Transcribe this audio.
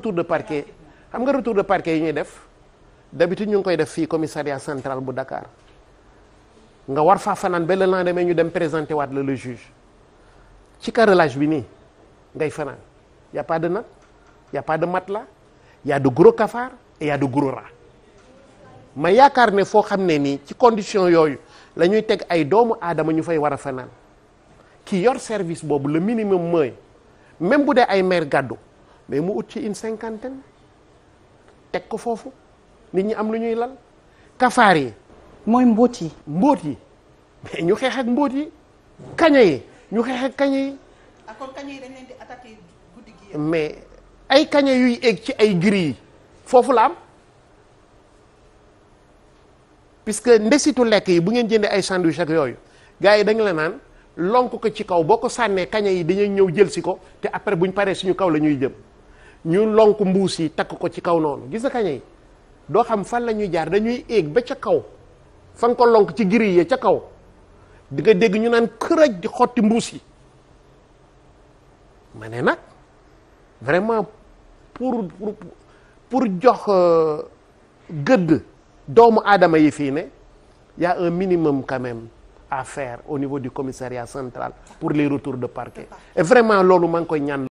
retour de parquet xam nga retour de parquet yi ñuy def d'habitude ñu ngi koy def fii commissariat central bu Dakar nga war faa fanaan ba le lendemain ñu dem présenter waat la le juge ci carlage bi nii ngay fanaan y a pas de nag y a pas de matelas y gros cafards et gros rats ma yaakaar ne foo xam ne nii ci condition yooyu lañuy teg ay doomu aadama ñu fay war a fanaan ki yor service boobu le minimum mooy même bu dee ay maire gàddu mais mu ut ci une cinquantaine teg ko foofu nit ñi am lu ñuy lal kafaar yi mooy mbóot yi mbóot yi mais ñu xeex ak mbóot yi kaña yi ñu xeex ak kaña yi ah, kon mais ay kaña yuy egg ci ay giri yi foofu la am puisque ndesitu lekk yi bu ngeen jëndee ay sandwich ak yooyu gars yi dañu la naan lonk ko ci kaw boo ko sànnee kaña yi dañuy ñëw jël si ko te après buñ paree suñu kaw la ñuy jëm ñu lonk mbuus yi takk ko ci kaw noonu gis nga kaña yi doo xam fan la ñuy jaar dañuy éeg ba ca kaw fa ko lonk ci giri yi ca kaw di nga dégg ñu naan kërëj di xotti mbuus yi ma ne nag vraiment pour pour pour jox euh, gëdd doomu aadama yi fii ne y un minimum quand même à faire au niveau du commissariat central pour les retours de parquet et vraiment loolu maa ngi koy ñaan